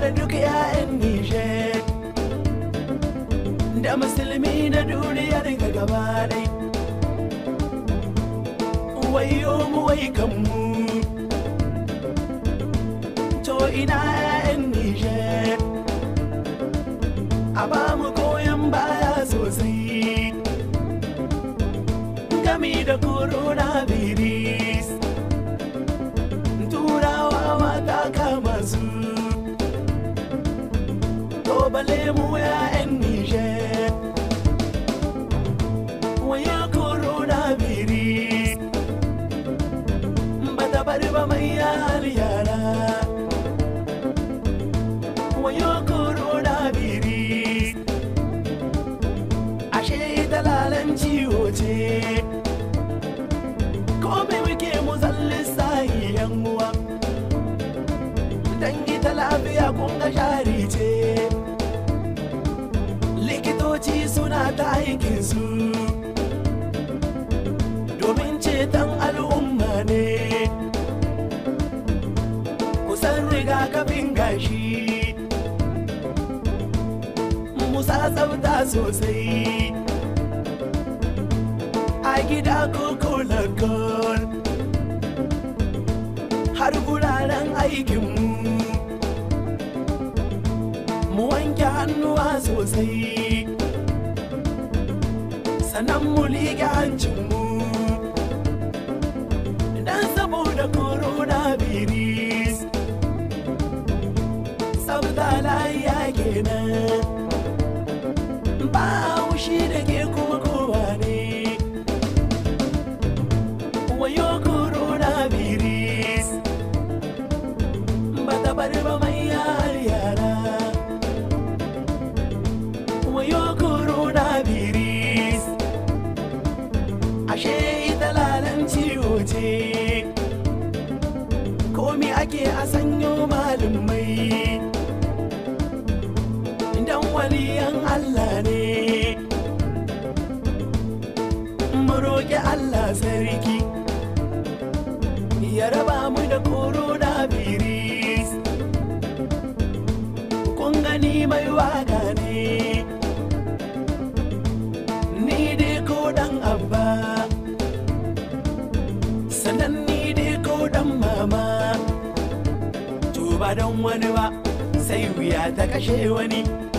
tara duk 'ya'yan nishe da musulmi na duniya daga gaba dai wayo mu wai kanmu to ina 'ya'yan Nijar a ba mu goyon baya sosai gami da corona dabar ba mai yara koro corona biri. ashe dalalan ciwo ce ko me muke mu zalli sahi yan uwa dangi ta lafiya kun ga shari ce likitoci suna ta aikinsu su tsafta sosai a gida koko na kol har guraren aikinmu mu wanke hannuwa sosai sannan mu liƙe hancinmu bawo shi da ke kuma kowa roƙi Allah sarki ya raba mu da koro korona virus kun gani mai waga ne ni dai ko dan abba sannan ni dai ko dan mama to ba don wani ba sai wuya ta kashe wani